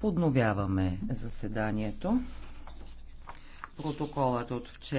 Подновяваме заседанието. Протоколът от вчера